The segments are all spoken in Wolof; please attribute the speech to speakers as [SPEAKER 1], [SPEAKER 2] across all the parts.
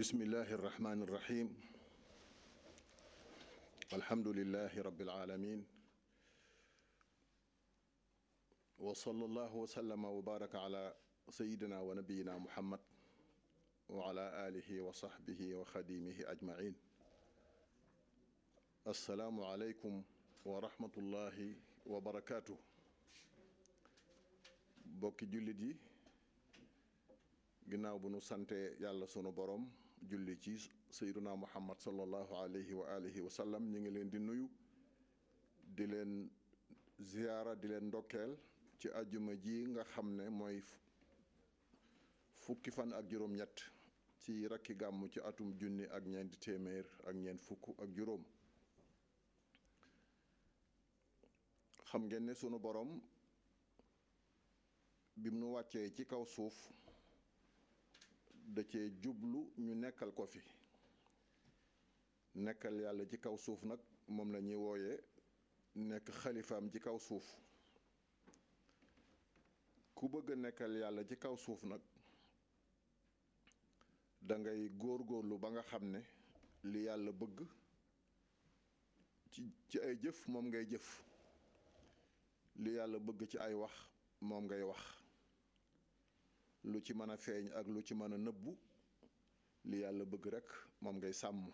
[SPEAKER 1] bismillahi irrahmani irrahim alhamdulilahi rabilalamin wasala allahu wasallama wa baraka ala sayidina wa nabiyina muhammad wa ala alihi wa sahbihi wa xadimihi ajmain assalaamu aleykum wa rahmatullahi wa barakaatu bokki jullit yi ginnaaw bu nu sante yàlla sunu boroom julli ci sayyiduna muhammad sallallahu alayhi wa alihi wa sallam ñu ngi leen di nuyu di leen ziyaara di leen ndokkeel ci àjjuma ji nga xam ne mooy fukki fan ak juróom-ñett ci rakki gàmm ci atum junni ak ñeenti téeméer ak ñeent fukk ak juróom xam ngeen ne sunu borom bim nu wàccee ci kaw suuf da cee jublu ñu nekkal ko fi nekkal yàlla ci kaw suuf nag moom la ñuy wooyee nekk xalifaam ci kaw suuf ku bëgg a nekkal yàlla ci kaw suuf nag dangay ngay góorgóorlu ba nga xam ne li yàlla bëgg ci ci ay jëf moom ngay jëf li yàlla bëgg ci ay wax moom ngay wax lu ci mën a feeñ ak lu ci mën a nëbbu li yàlla bëgg rekk moom ngay sàmm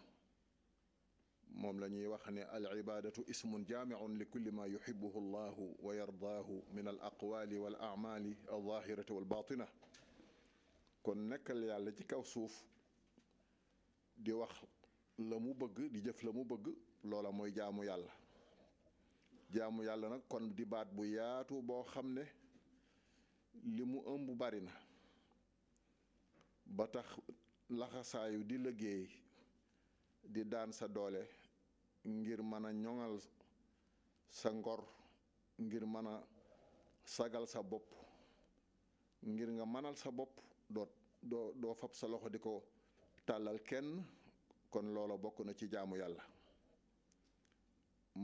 [SPEAKER 1] moom la ñuy wax ne al ibaadatu ismun jaamiun li kulli ma yuxibuhu llahu wa yardaahu min al aqwaali wal aamaali al zaahirati wal baatina kon nekkal yàlla ci kaw suuf di wax la mu bëgg di jëf la mu bëgg loola mooy jaamu yàlla jaamu yàlla nag kon di baat bu yaatu boo xam ne li mu ëmb bari ba tax laxasaayu di liggéey di daan sa doole ngir mën a ñoŋal sa ngor ngir mën a sagal sa bopp ngir nga mënal sa bopp doo doo fab sa loxo di ko tàllal kenn kon loola bokk na ci jaamu yàlla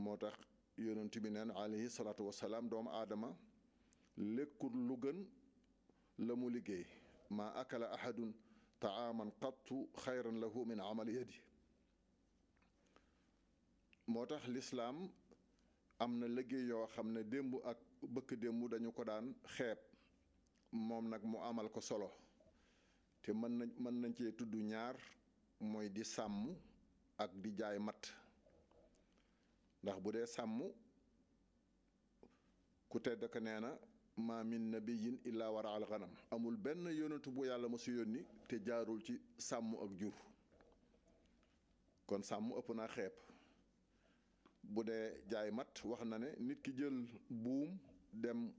[SPEAKER 1] moo tax yonent bi neen alayhi salaatu salaam doomu aadama lekkul lu gën la mu liggéey ma akala ahadun taaman qattu xayran lahu min amali yadi moo tax lislaam am na liggéey yoo xam ne démb ak bëkk démb dañu ko daan xeeb moom nag mu amal ko solo te mën na mën nañ cee tudd ñaar mooy di sàmm ak di jaay matt ndax bu dee sàmm ku tedd ko nee na ma min nabiyin illaa wara al amul benn yonentu bu yàlla ma su yónni te jaarul ci sàmm ak jur kon sàmm ëpp naa xeeb bu dee jaay mat wax na ne nit ki jël buum dem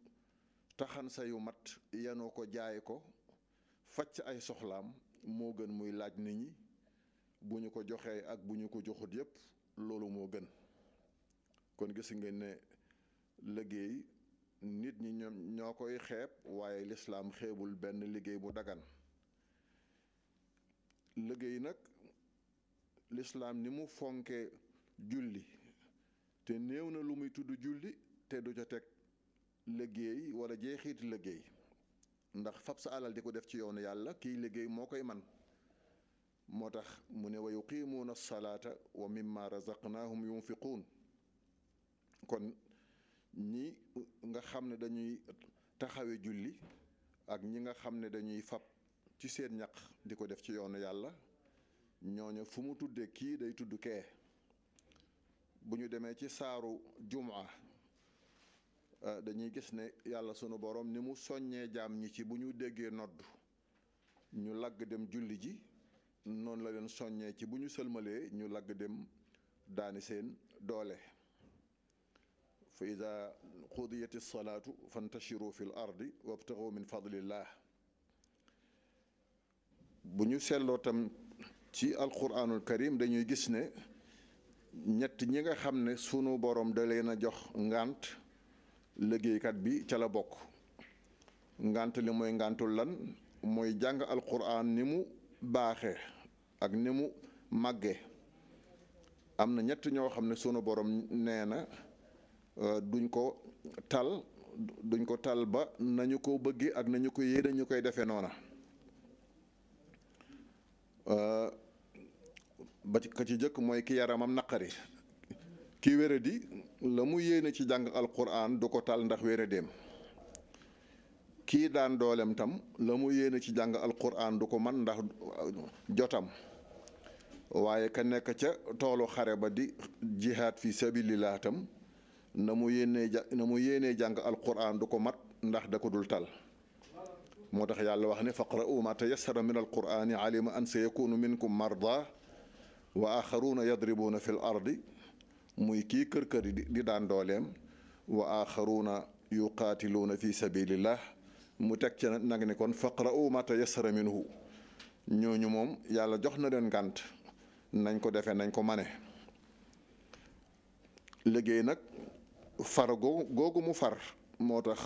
[SPEAKER 1] taxansa yu mat yanoo ko jaay ko facc ay soxlaam moo gën muy laaj nit ñi bu ñu ko joxee ak bu ñu ko joxut yépp loolu moo gën kon gis ngeen ne liggéey nit ñi ñoo koy xeeb waaye lislaam xeebul benn liggéey bu dagan liggéey nag lislaam ni mu fonke julli te néew na lu muy tudd julli te du ca teg liggéey wala jeexiit liggéey ndax fab sa alal di ko def ci yoonu yàlla kiy liggéey moo koy man moo tax mu ne wa yuqimuuna salaata wa mimma razaqnaahum yunfiquun kon ñi nga xam ne dañuy taxawe julli ak ñi nga xam ne dañuy fab ci seen ñax di ko def ci yoonu yàlla ñooñu fu mu tuddee kii day tudd kee bu ñu demee ci saaru jumaa euh, dañuy gis ne yàlla sunu boroom ni mu soññee jaam ñi ci bu ñu déggee nodd ñu lagg dem julli ji noonu la leen soññee ci bu ñu sëlmalee ñu lagg dem daani seen doole fa ida qudiyat alsalaatu fantashiru fi l ardi wabtaxu min fadlillah bu ñu seetloo tam ci alquranul karim dañuy gis ne ñett ñi nga xam ne sunu boroom da leen jox ngant liggéeykat bi ca la bokk ngant li mooy ngantul lan mooy jàng alquran ni mu baaxee ak ni mu màggee am na ñett ñoo xam ne sunu borom nee na Euh, duñ ko tal duñ ko tal ba nañu ko bëgg ak nañu ko yéene ñu koy defee noona euh, ba ci ka ci jëkk mooy ki yaramam naqari ki wéradi la mu yéene ci jàng alquran du ko tal ndax wéradeem kii daan doolem tam la mu yéene ci jàng alquran du ko man ndax euh, jotam waaye ka nekk ca toolu xare ba di jihaad fi sabilillah tam na mu yéenee ja na mu du ko mat ndax da dul tal moo tax yàlla wax ne faqra'u ma tayassara min alqurani alima an sayakunu minkum marda wa axaruna yadribuuna fi ardi muy kii kër kër yi di daan dooleem wa axaruna yuqaatiluuna fi sabilillah mu teg ci nag ne kon faqra'u ma tayassara minhu ñooñu moom yàlla jox na leen ngànt nañ ko defe nañ ko mane liggéey nag fara googu mu far moo tax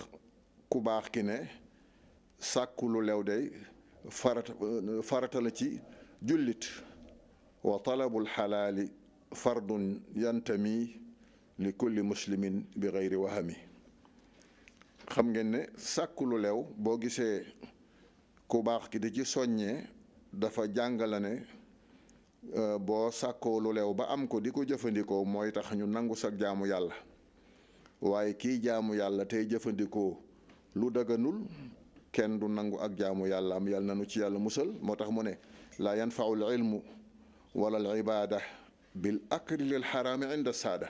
[SPEAKER 1] ku baax ki ne sàkku lu lew day farata farata la ci jullit wa talabul xalaali fardun yantami li kulli muslimin bi gayri wahami xam ngeen ne sàkku lu lew boo gisee ku baax ki di ci soññee dafa jàngale ne euh, boo sàkkoo lu lew ba am ko di ko jëfandikoo mooy tax ñu nangu sa jaamu yàlla waaye kiy jaamu yàlla tey jëfandikoo lu daganul kenn du nangu ak jaamu yàlla am yàlla nanu ci yàlla musal moo tax mu ne laa yanfau l ilmu wala al bil akli xaraami inda saada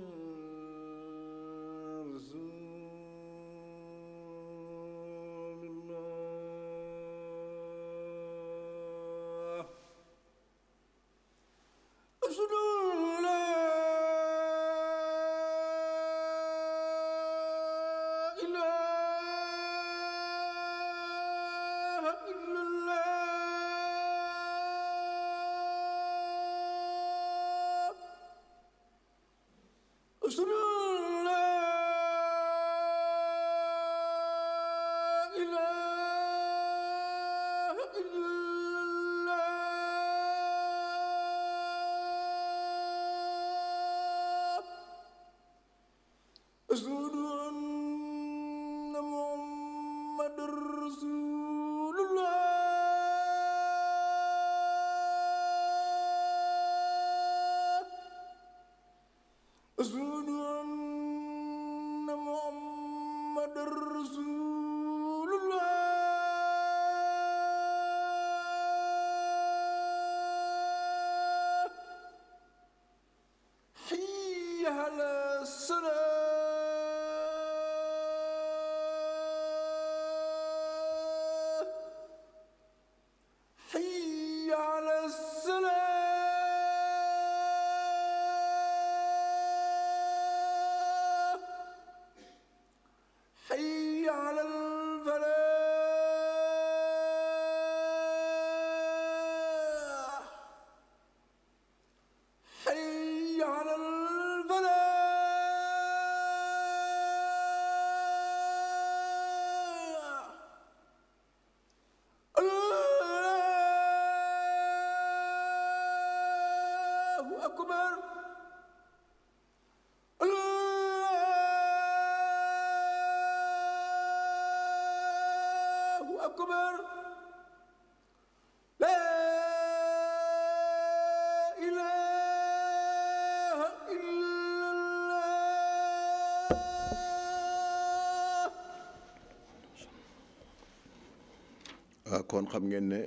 [SPEAKER 1] kon xam ngeen ne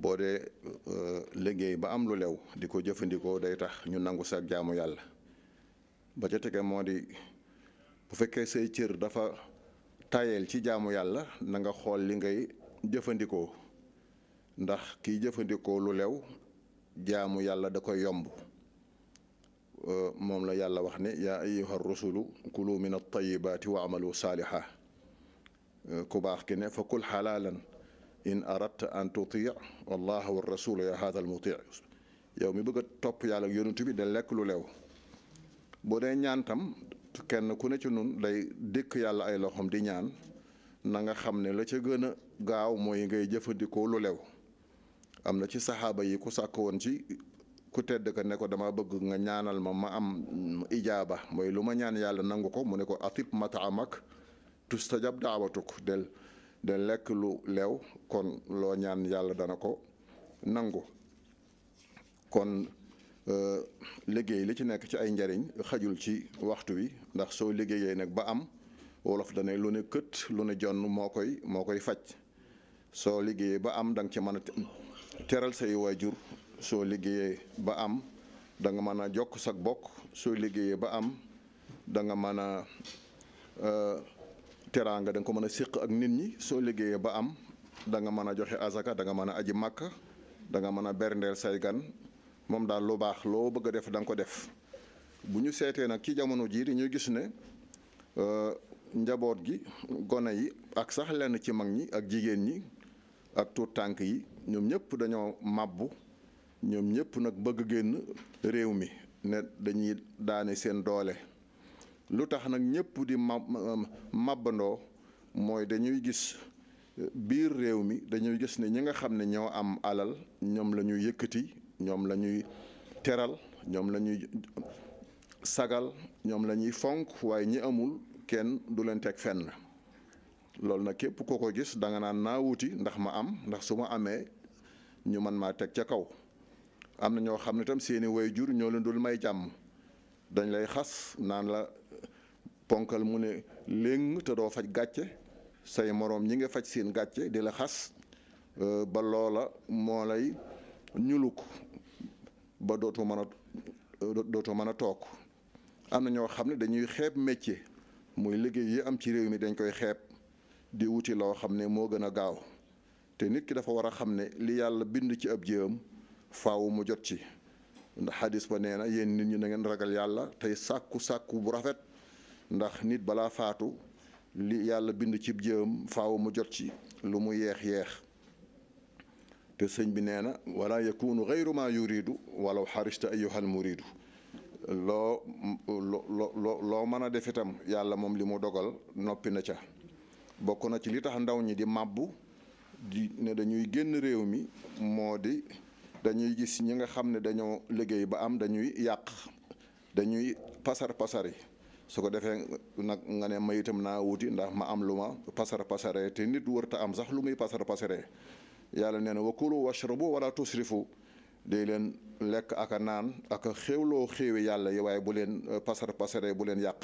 [SPEAKER 1] boo dee euh, liggéey ba am lu lew di ko jëfandikoo day tax ñu nangu sa jaamu yàlla ba ca tege moo di bu fekkee say cër dafa tayeel ci jaamu yàlla na xool li ngay jëfandikoo ndax kiy jëfandikoo lu lew jaamu yàlla da koy yomb euh, moom la yàlla wax ne yaa ayyuha rusulu kulu min at tayibaati wa amalu euh, ku baax ki ne fa kul xalaalan in aradta an tuti wallah wa rasula ya hada al yow mi bëgg a topp yàlla ak yonent bi da lekk lu leew boo dee ñaan tam kenn ku ne ci nun day dékk yàlla ay loxoom di ñaan na nga xam ne la ca gën a gaaw mooy ngay jëfandikoo lu lew am na ci saxaaba yi ku sàkk woon ci ku tedd ka ne ko dama bëgg nga ñaanal ma ma am ijaaba mooy lu ma ñaan yàlla nangu ko mu ne ko atib mataamak tustajab daawatuk del de lekk lu leew kon loo ñaan yàlla dana ko nangu kon euh, liggéey li ci nekk ci ay njariñ xajul ci waxtu wi ndax soo liggéeyee nag ba am wolof dane lu ne kët lu ne jonn moo koy moo koy faj soo liggéeyee ba am danga nga mën a teral say waajur soo liggéeyee ba am da mën a jokk sak bokk soo liggéeyee ba am danga nga mën a euh, teraanga da nga ko mën a séq ak nit ñi soo liggéeyee ba am da nga mën a joxe azaka da nga mën a aji màkk da nga mën a berndeel say gan moom daal lu baax loo bëgg a def da nga ko def bu ñu seetee nag ci jamono jii dañuy gis ne euh, njaboot gi gone yi ak sax lenn ci mag ñi ak jigéen ñi ak tuut tànk yi ñoom ñëpp dañoo màbbu ñoom ñëpp nag bëgg génn réew mi ne dañuy daane seen doole lu tax nag ñëpp di mab màbbandoo mooy dañuy gis euh, biir réew mi dañuy gis ne ñi nga xam ne ñoo am alal ñoom la ñuy yëkkati ñoom la ñuy teral ñoom lañuy sagal ñoom la ñuy fonk waaye ñi amul kenn du leen teg fenn loolu nag képp koo ko gis danga naan naa wuti ndax ma am ndax su ma amee ñu man maa teg ca kaw am na ñoo xam ne tam seeni way jur ñoo leen dul may jàmm dañ lay xas naan la ponkal mu ne léng te doo faj gàcce say moroom ñi nga faj seen gàcce di la xas euh, ba loola moo lay ñuluk ba dootoo mën a euh, dootoo mën a toog am na ñoo xam ne dañuy xeeb métier muy liggéey yi am ci réew mi dañ koy xeeb di wuti loo xam ne moo gën a gaaw te nit ki dafa war a xam ne li yàlla bind ci ab jéem faaw mu jot ci ndax xadis ba nee na yéen nit ñi na ngeen ragal yàlla tey sàkku sàkku bu rafet ndax nit balaa faatu li yàlla bind cib jëwam faaw mu jot ci lu mu yeex yeex te sëñ bi nee na wala yakunu gayru ma yuridu walaw xarista mu muridu loo loo loo mën a def itam yàlla moom li mu dogal noppi na ca bokk na ci li tax ndaw ñi di màbb di ne dañuy génn réew mi moo di dañuy gis ñi nga xam ne dañoo liggéey ba am dañuy yàq dañuy pasar pasari su ko defee nag nga ne mayitam naa wuti ndax ma am lu ma pasar pasare te nit wërta am sax lu muy pasar pasaree yàlla nee na wakulu washrabu wala tusrifu day leen lekk ak naan ak xewloo xéewloo xéewi yàlla yi waaye bu leen euh, pasar pasaree bu leen yàq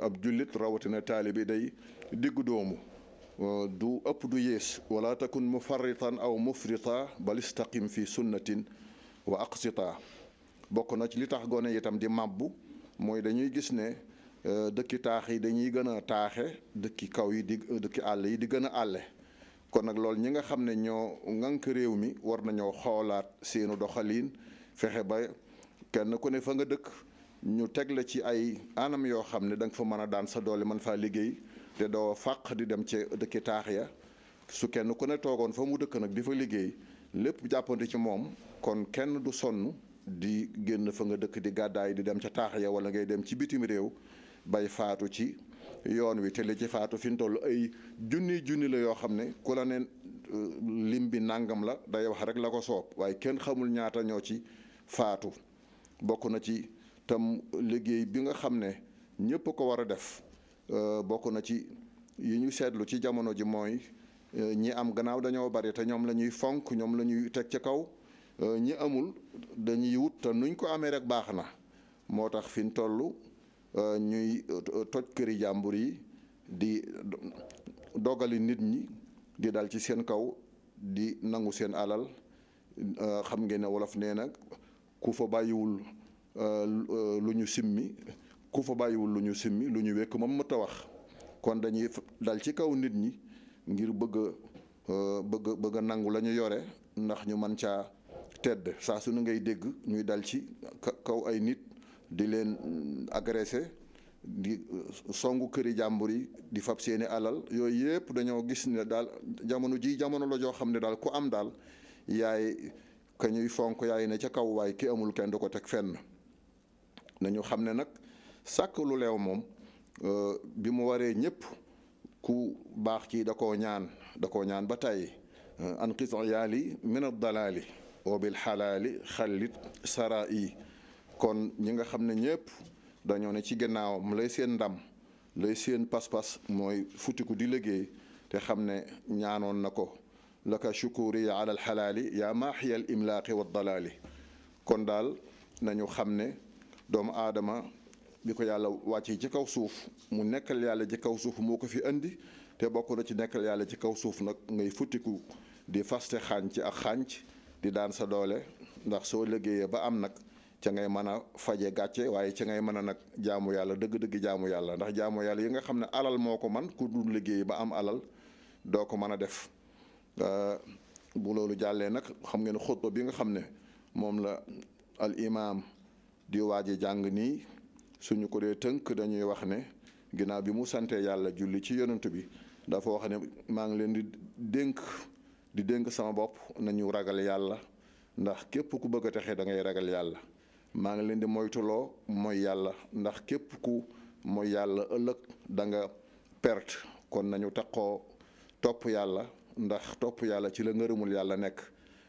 [SPEAKER 1] ab jullit rawatina taalibi day diggu doomu du ëpp du yées wala takun mufarritan aw mufrita bal istaqim fi sunnatin wa aqsita bokk na ci li tax gone itam di màbbu mooy dañuy gis ne euh, dëkki taax yi dañuy gën a taaxe dëkki kaw yi di euh, dëkki àll yi di gën a àlle kon nag loolu ñi nga xam ne ñoo ŋànk réew mi war nañoo xoolaat seenu doxaliin fexe ba kenn ku ne fa nga dëkk ñu teg la ci ay anam yoo xam ne da nga fa mën a daan sa doole mën faa liggéey te doo fàq di dem ca dëkki taax ya su kenn ku ne toogoon fa mu dëkk nag di fa liggéey lépp jàppante ci moom kon kenn du sonn di génn fa nga dëkk di gàddaay di dem ca taax ya wala ngay dem ci bitim réew bay faatu ci yoon wi te li ci faatu fi mu toll ay junni junni la yoo xam ne ku la ne euh, lim bi nàngam la day wax rek la ko soob waaye kenn xamul ñaata ñoo ci faatu bokk na ci tam liggéey bi nga xam ne ñépp ko war a def Euh, bokk na ci yi ñu seetlu ci jamono ji mooy euh, ñi am gannaaw dañoo bari te ñoom la ñuy fonk ñoom lañuy teg ci kaw euh, ñi amul dañuy wut te nuñ ko amee rek baax na moo tax fi ñu toll ñuy toj këri jàmbur yi di dogali nit ñi di dal ci seen kaw di nangu seen alal xam ngeen ne wolof nee nag ku fa bàyyiwul lu ñu simmi ku fa bàyyiwul lu ñu simmi lu ñu wekk moom mënta wax kon dañuy dal ci kaw nit ñi ngir bëgg a euh, bëgg nangu lañu yore ndax ñu man caa tedd saa su nu ngay dégg ñuy dal ci kaw ay nit di leen agressé di euh, songu këri jàmbur yi di fab seeni alal yooyu yëpp dañoo gis ne daal jamono ji jamono la joo xam ne daal ku am daal yaay ka ñuy fonk yaay ne ca kaw waay ki amul kenn du ko teg fenn nañu xam ne nag sàkk lu leew moom euh, bi mu waree ñëpp ku baax kii da koo ñaan da koo ñaan ba tàyyi euh, an qis yaali min addalaali oo bil xallit sara yi kon ñi nga xam ne ñëpp dañoo ne ci ginnaawam lay seen ndam lay seen pas mooy futiku di liggéey te xam ne ñaanoon na ko laka shukuri ya ala alxalaali yaa maaxiyal imlaaqi wa dalaali kon daal nañu xam ne doomu aadama bi ko yàlla wàccee ci kaw suuf mu nekkal yàlla ci kaw suuf moo ko fi indi te bokk na ci nekkal yàlla ci kaw suuf nag ngay futtiku di faste xànc ak xànc di daan sa doole ndax soo liggéeyee ba am nag ca ngay mën a faje gàcce waaye ca ngay mën a nag jaamu yàlla dëgg-dëgg jaamu yàlla ndax jaamu yàlla yi nga xam ne alal moo ko man ku dul liggéey ba am alal doo ko mën a def bu loolu jàllee nag xam ngeen xutba bi nga xam ne moom la al imaam di waaje jàng nii suñu ko dee tënk dañuy wax ne ginnaaw bi mu sante yàlla julli ci yonent bi dafa wax ne maa ngi leen di dénk di dénk sama bopp nañu ragal yàlla ndax képp ku bëgg a texe da ngay ragal yàlla maa ngi leen di moytuloo mooy yàlla ndax képp ku mooy yàlla ëllëg da nga perte kon nañu taqoo topp yàlla ndax topp yàlla ci la ngërëmul yàlla nekk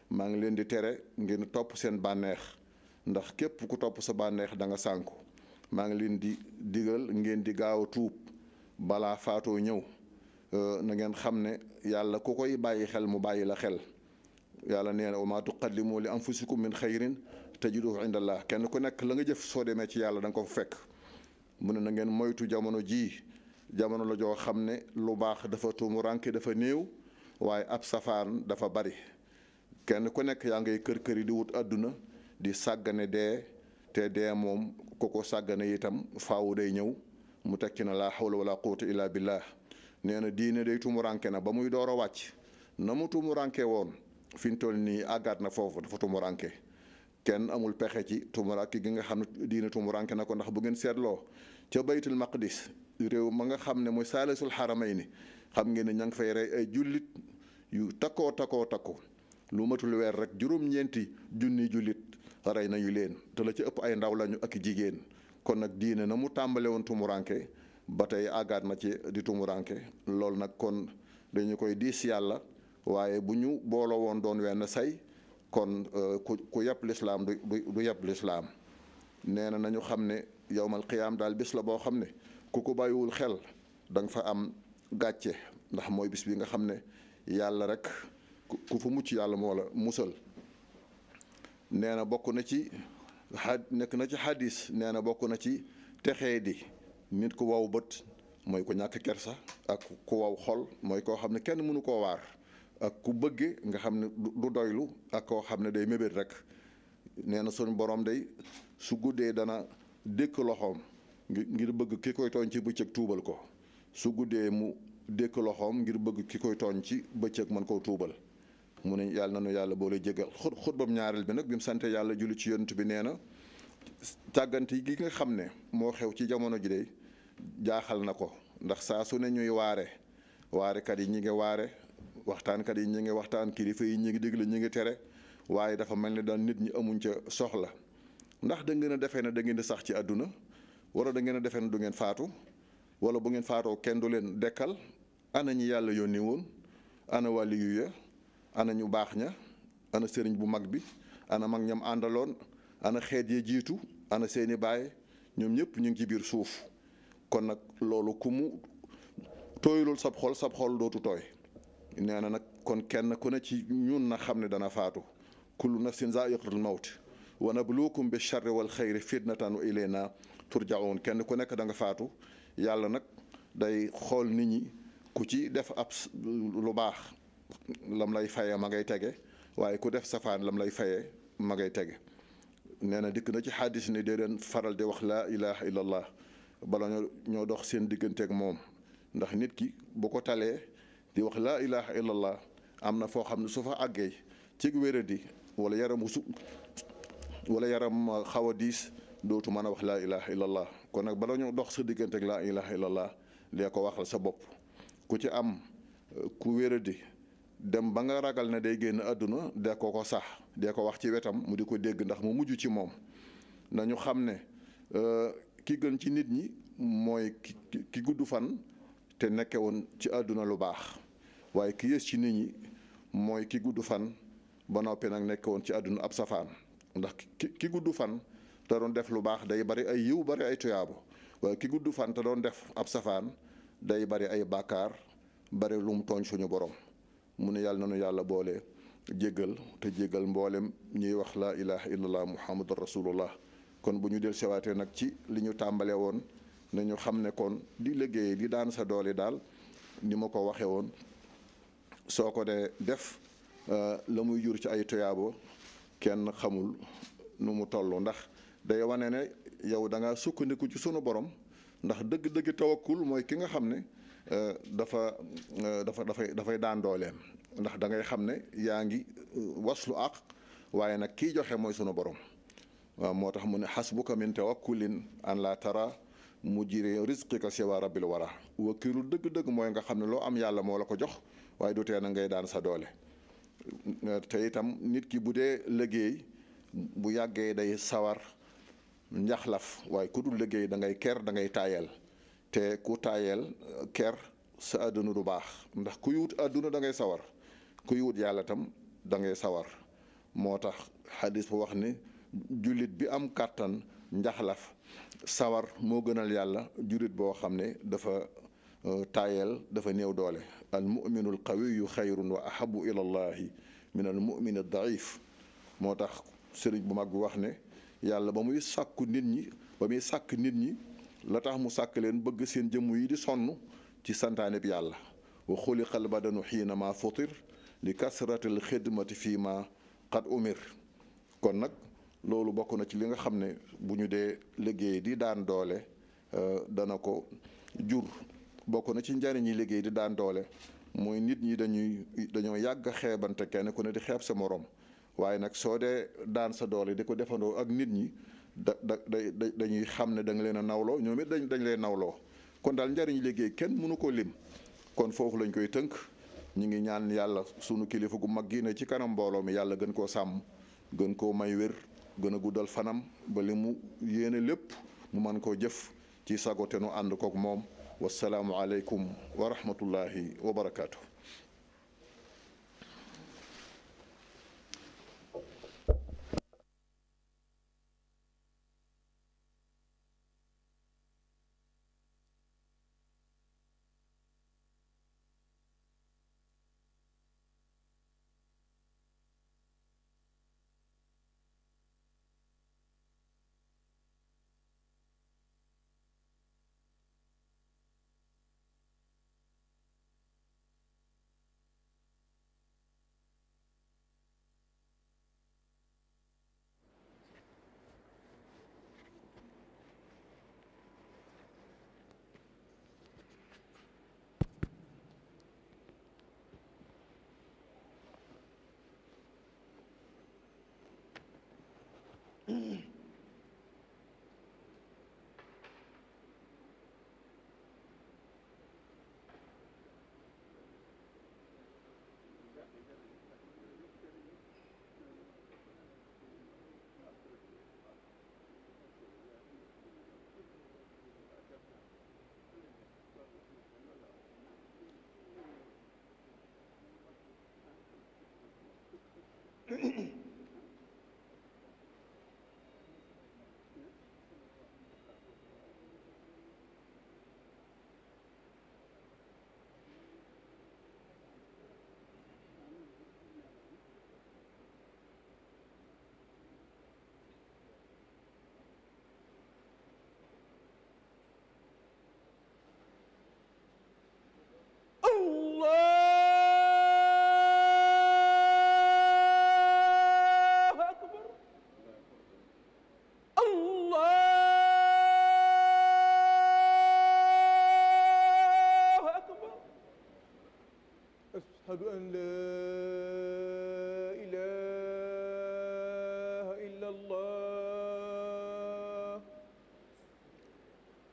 [SPEAKER 1] maa ngi leen di tere ngeen topp seen bànneex ndax képp ku topp sa bànneex danga nga sànku maa ngi leen di digal ngeen di gaaw a tuub balaa faatoo ñëw euh, na ngeen xam ne yàlla ku koy bàyyi xel mu bàyyi la xel yàlla nee na wa maa tuqaddimu li anfusikum min xayrin tajiduhu indallah kenn ku nekk la nga jëf soo demee ci yàlla da nga ko fekk mu ne na ngeen moytu jamono jii jamono la joo xam ne lu baax dafa tuumuranke dafa néew waaye ab safaan dafa bari kenn ku nekk yaa ngay kër kër yi di wut àdduna di sàggane dee te dee moom ku ko sàggane itam faawu day ñëw mu teg ci na laa xawla wala quwwata illa billah nee na diine day tumuranke na ba muy door a wàcc na mu tumuranke woon fi mu toll nii àggaat na foofu dafa tumuranke kenn amul pexe ci tumuranke gi nga xam ne diine tumuranke na ko ndax bu ngeen seetloo ca baytul maqdis réew ma nga xam ne mooy saalisul xaramay ni xam ngeen ne ña ngi fay rey ay jullit yu takkoo takkoo takku lu matul weer rek juróom-ñeenti junni jullit rey nañu leen te ci ëpp ay ndaw lañu ak jigéen kon nag diine na mu tàmbale woon tumuranke ba tey àggaat na ci di tumuranke loolu nag kon dañu koy diis yàlla waaye bu ñu boole woon doon wenn say kon euh, ku ku yepp lislaam du du yàpp lislaam nee na nañu xam ne yowmal qiyaam daal bis la boo xam ne ku ko bàyyiwul xel danga fa am gàcce ndax mooy bis bi nga xam ne yàlla rek ku fa mucc yàlla moo la musal nee na bokk na ci xa nekk na ci xadis nee na bokk na ci texe di nit ku waw bët mooy ku ñàkk kersa ak ku waw xol mooy koo xam ne kenn mënu koo waar ak ku bëgge nga xam ne du doylu ak koo xam ne day mébét rek nee na sunu borom day su guddee dana dékk loxoom ngir bëgg ki koy tooñ ci bëccëg tuubal ko su guddee mu dékk loxoom ngir bëgg ki koy tooñ ci bëccëg mën koo tuubal mu ne yàlla nanu yàlla boole jégal xut xutbam ñaareel bi nag bi mu sante yàlla julli ci yonent bi nee na tàggante gi nga xam ne moo xew ci jamono ji de jaaxal na ko ndax saa su ne ñuy waare waarekat yi ñi ngi waare waxtaankat yi ñi ngi waxtaan kilifa yi ñi ngi digle ñi ngi tere waaye dafa mel ni daal nit ñi amuñ ca soxla ndax da ngeen a defee ne da ngeen sax ci àdduna wala da ngeen a defee ne du ngeen faatu wala bu ngeen faatoo kenn du leen dekkal ana ñi yàlla yónni woon ana wàlli ana ñu baax ña ana sëriñ bu mag bi ana mag ñam àndaloon ana xeet ya jiitu ana seeni baay ñoom ñëpp ñu ngi ci biir suuf kon nag loolu ku mu tooyulul sab xol sab xol dootu tooy nee na nag kon kenn ku ne ci ñun na xam ne dana faatu kullu nafsin zaiqatul mawt wa nabluukum bi charri wal xayri fitnatan wa ilayna turjaun kenn ku nekk danga faatu yàlla nag day xool nit ñi ku ci def ab lu baax lam lay fayee ma ngay tege waaye ku def safaan lam lay fayee ma ngay tege nee na dikk na ci xaadis ni dee leen faral di wax laa ilaha illallah bala ñoo ñoo dox seen digganteeg moom ndax nit ki bu ko talee di wax laa ilaha illallah am na foo xam ne su fa àggee ci wéradi wala yaram su wala yaram xaw a diis dootu mën a wax laa ilaha illallah kon nag bala ñoo dox sa digganteeg laa ilaha illallah lee ko waxal sa bopp ku ci am ku wéradi dem ba nga ragal ne day génn àdduna dee ko ko sax de ko wax ci wetam mu di ko dégg ndax mu mujj ci moom nañu xam ne euh, ki gën ci nit ñi mooy ki gudd fan te nekke woon ci àdduna lu baax waaye ki yées ci nit ñi mooy ki gudd fan ba noppi nag nekke ci àdduna ab safaan ndax ki ki fan te def lu baax day bari ay yiw bari ay tuyaabo waaye ki gudd fan te doon def ab safaan day bari ay bàkkaar bari lu mu tooñ suñu borom mu ne yàlla nanu yàlla boole jéggal te jéggal mboolem ñuy wax laa ilaha illallah muhammadu rasulullah kon bu ñu del sewaatee nag ci li ñu tàmbalee woon nañu xam ne kon di léggéey di daan sa yi daal ni ma ko waxee woon soo ko dee def euh, la muy jur ci ay toyaabo kenn xamul nu mu toll ndax day wane ne yow da nga sukkandiku ci sunu borom ndax dëgg-dëgg tawakkul mooy ki nga xam ne Euh, dafa euh, dafa dafay dafay daan dooleem ndax da ngay xam ne yaa ngi euh, waslu àq waaye nag kiy joxe mooy sunu borom waaw moo tax mu ne bu xasbuka min tawakkulin an la tara mujjiri rizqika siwa rabbil wara wakkiilu dëgg-dëgg mooy nga xam ne loo am yàlla moo la ko jox waaye du tee na ngay daan sa doole te nit ki bu dee liggéey bu yàggee day sawar njaxlaf waaye ku dul liggéey da ngay ker da ngay taayal te ku taayeel euh, ker sa àdduna du baax ndax kuy wut àdduna da sawar kuy wut yàlla tam da sawar moo tax xadis bu wax ne jullit bi am kàttan njaxlaf sawar moo gënal yàlla jullit boo xam ne dafa euh, taayeel dafa néew doole al muminu al qawiyu xayrun wa ahabu ila allahi al mumin al moo tax sëriñ bu mag bi wax ne yàlla ba muy sàkku nit ñi ba muy sàkk nit ñi la tax mu sàkk leen bëgg seen jëmm yi di sonn ci santaane bi yàlla wa xuliqal badanu xiina ma futir li kasratil xidmati fii ma qad umir kon nag loolu bokk na ci li nga xam ne bu ñu dee liggéey di daan doole euh, dana ko jur bokk na ci njariñ yi liggéey di daan doole mooy nit ñi dañuy dañoo yàgg xeebante kenn ku ne di xeeb sa moroom waaye nag soo dee daan sa doole di ko defandoo ak nit ñi da da da dañuy xam ne danga leen a nawloo ñoom it dañ dañ leen nawloo kon daal njariñ liggéey kenn mënu koo lim kon foofu lañ koy tënk ñu ngi ñaan yàlla sunu kilifa gu mag gi ne ci kanam mbooloo mi yàlla gën koo sàmm gën koo may wér gën a guddal fanam ba li mu yéene lépp mu man koo jëf ci sago te nu ànd kook moom wasalaamu aleykum wa rahmatullahi Mm-mm.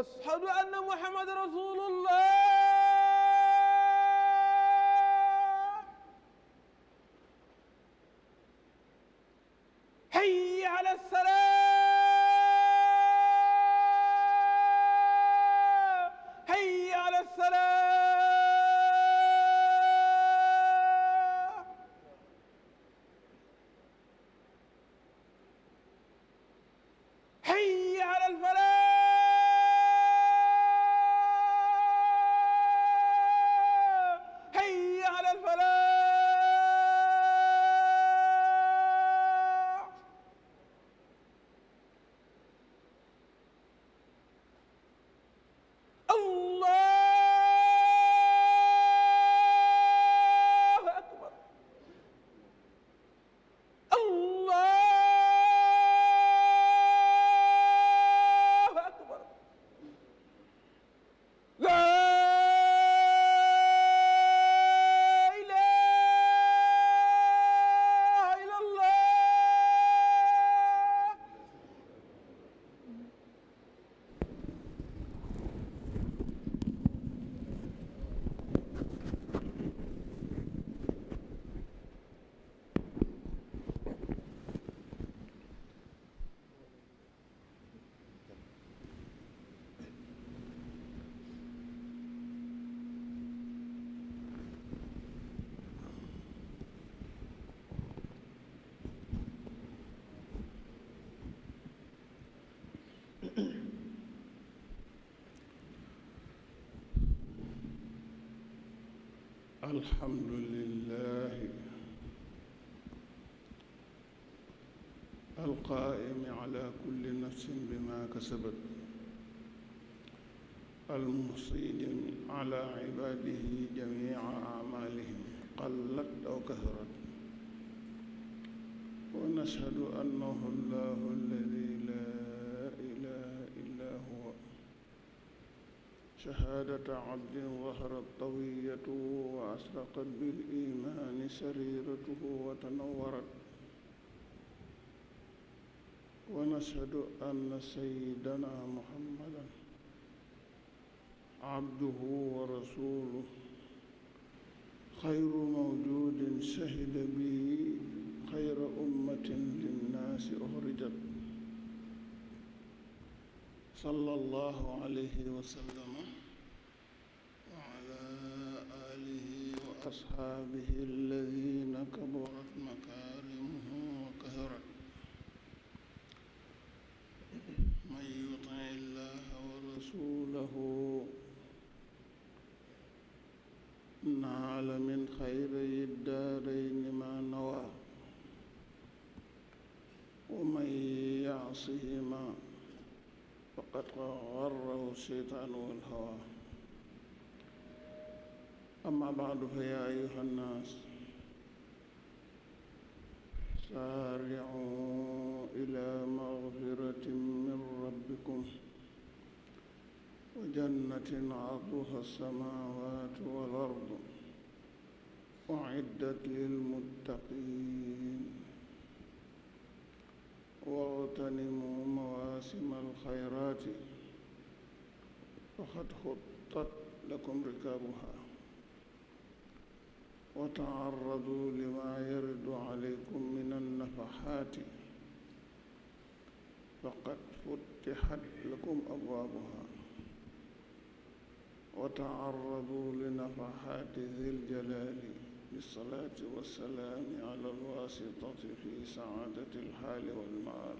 [SPEAKER 2] أشهد أن محمد رسول الله حي على السلام حي على السلام
[SPEAKER 3] الحمد لله القائم على كل نفس بما كسبت المحصين على عباده جميع أعمالهم قلت أو كثرت ونشهد أنه الله شهادة عبد وهرت طويته وأسرقت بالإيمان سريرته وتنورت ونشهد أن سيدنا محمدا عبده ورسوله خير موجود شهد به خير أمة للناس أخرجت صلى الله عليه وسلم أصحابه الذين كبرت مكارمهم وكثرت من يطع الله ورسوله نال من خيري الدارين ما نوى ومن يعصهما فقد غره الشيطان والهوى أما بعد فيا أيها الناس سارعوا إلى مغفرة من ربكم وجنة عرضها السماوات والأرض أعدت للمتقين واغتنموا مواسم الخيرات وقد خطت لكم ركابها وتعرضوا لما يرد عليكم من النفحات فقد فتحت لكم أبوابها وتعرضوا لنفحات ذي الجلال بالصلاة والسلام على الواسطة في سعادة الحال والمال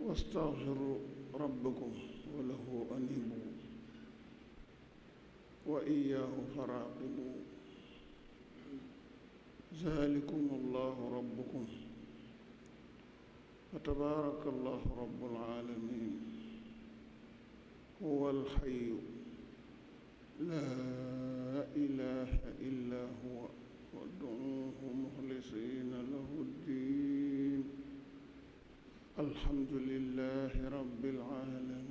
[SPEAKER 3] واستغفروا ربكم وله أنيبوا wa iyaahu faraaqibu zalikum allahu rabbukum fa tabaaraka allahu rabbul aalamiin huwa alxayu laa ilaaha illaa huwa wad'uuhu muxlisiina lahu ddiin alhamdu lillaahi rabbil aalamiin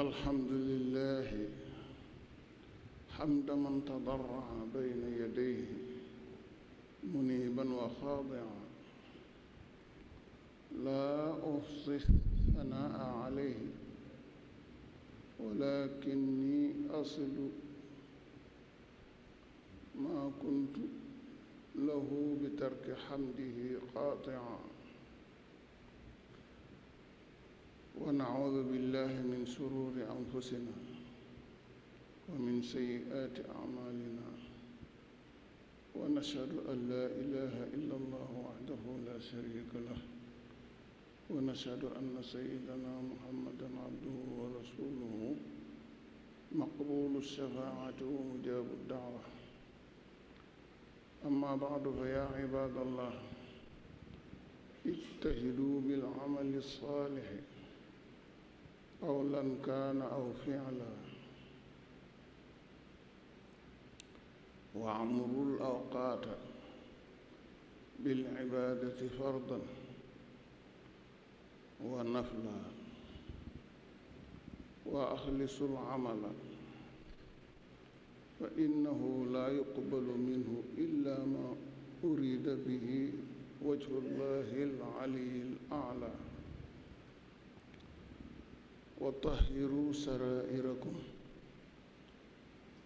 [SPEAKER 3] الحمد لله حمد من تضرع بين يديه منيبا وخاضعا لا أحصي الثناء عليه ولكني أصل ما كنت له بترك حمده قاطعا ونعوذ بالله من شرور أنفسنا ومن سيئات أعمالنا ونشهد أن لا إله إلا الله وحده لا شريك له ونشهد أن سيدنا محمدا عبده ورسوله مقبول الشفاعة ومجاب الدعوة أما بعد فيا عباد الله اجتهدوا بالعمل الصالح قولا كان أو فعلا واعمروا الأوقات بالعبادة فرضا ونفلا وأخلصوا العمل فإنه لا يقبل منه إلا ما أريد به وجه الله العلي الأعلى wa tahhiru sarairakum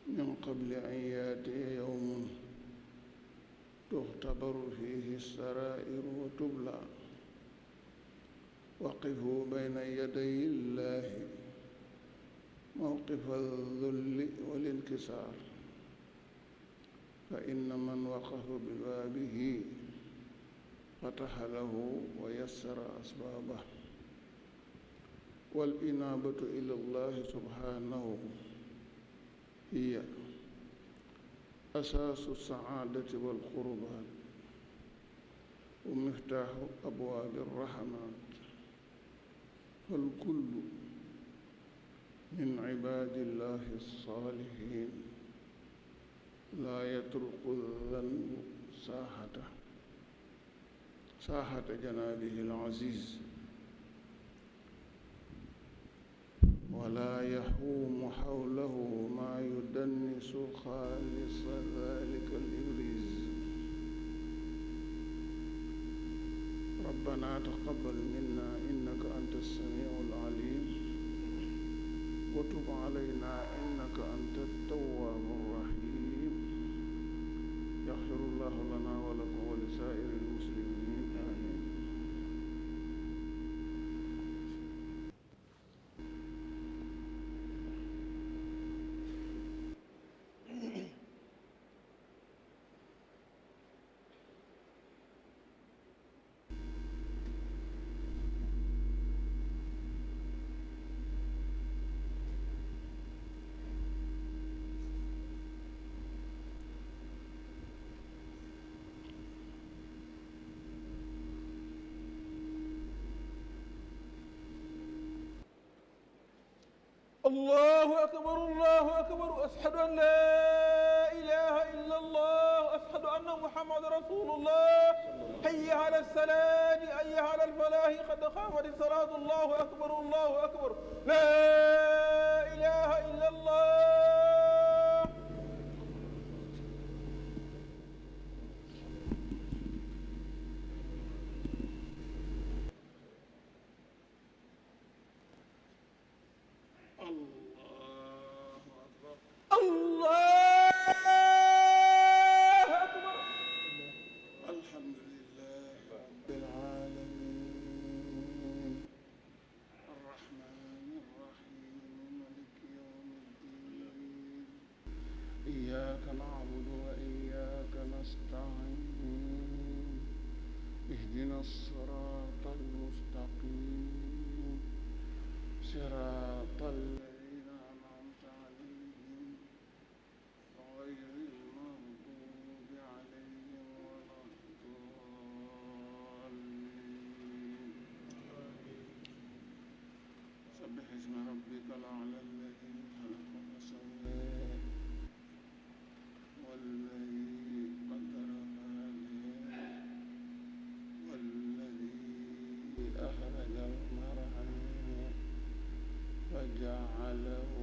[SPEAKER 3] min qabli an yaatiya yawmun tuxtabaru fihi sarairu wa tubla waqifu bayna yaday illahi mawqifa aldulli walinkisaar fa inna man waqafa bibaabihi fataha lahu wa yassara asbaabahu wal inaabatu ila llahi subhaanahu hiya asaasu saadati wal qurbaat wa miftaaxu abwaabi rahmaat fal kullu min cibaadillahi saalihiin laa yatruku zanbu saaxata saaxata janaabihi al aziz ولا يحوم حوله ما يدنس خالص ذلك الإبريز ربنا تقبل منا إنك أنت السميع العليم وتب علينا إنك أنت التواب الرحيم يغفر الله لنا ولكم ولسائر
[SPEAKER 2] الله أكبر الله أكبر أشهد أن لا إله إلا الله أشهد أن محمد رسول الله حي على السلام حي على الفلاح قد قامت الصلاة الله أكبر الله أكبر لا
[SPEAKER 3] على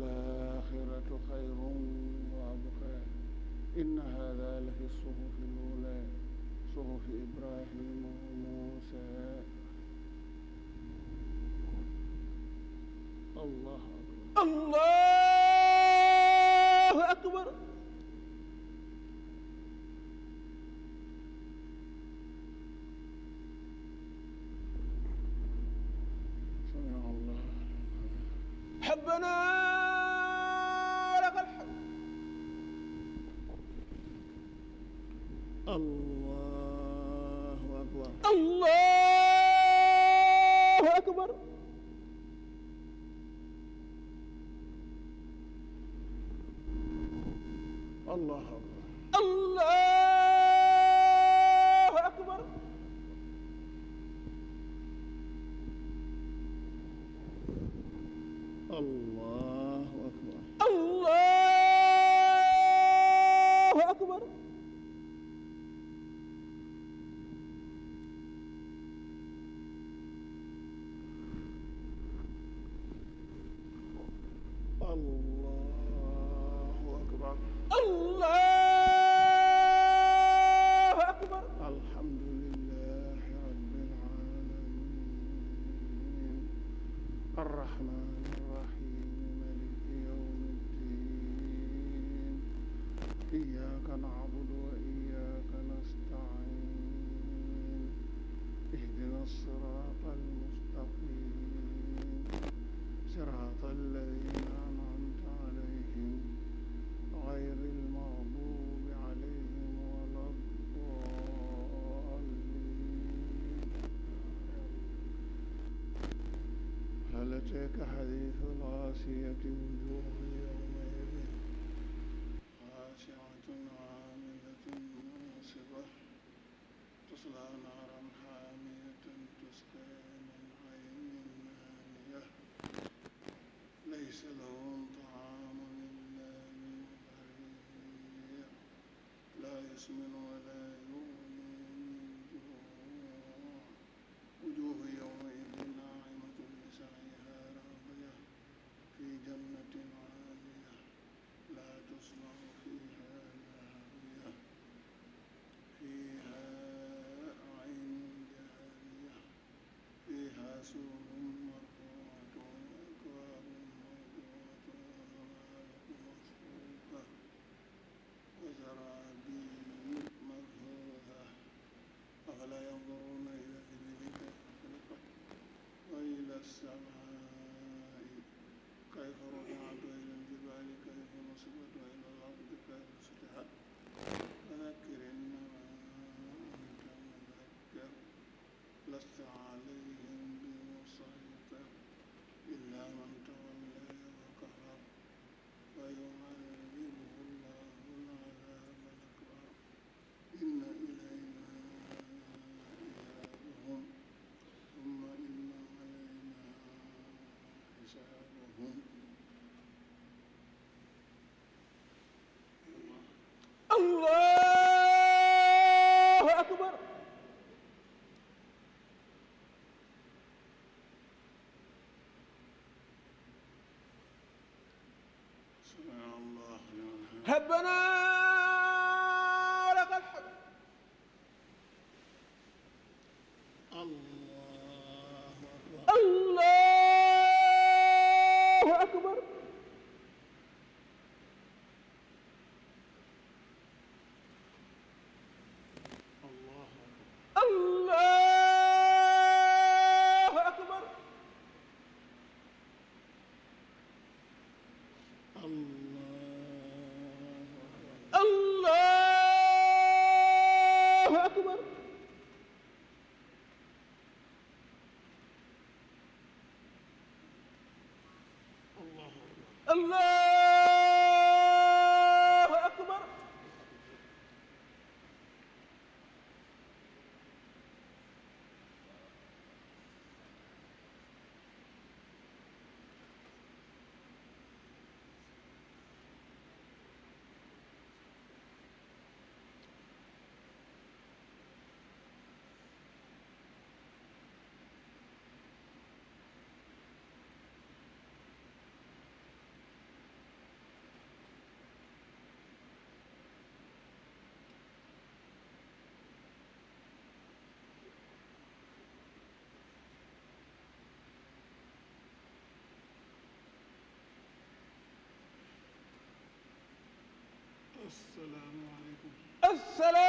[SPEAKER 3] والآخرة خير وأبقى إن هذا لفي الصحف الأولى صحف إبراهيم وموسى
[SPEAKER 2] الله أكبر الله
[SPEAKER 3] نعبد ليس لهم طعام إلا من ضريع لا يسمن ولا يغني من جوع وجوه يومئذ ناعمة لسعيها راضية في جنة عالية لا تسمع فيها لاهية فيها عين جارية فيها سور
[SPEAKER 2] هبنا Allah asalaamaaleykum.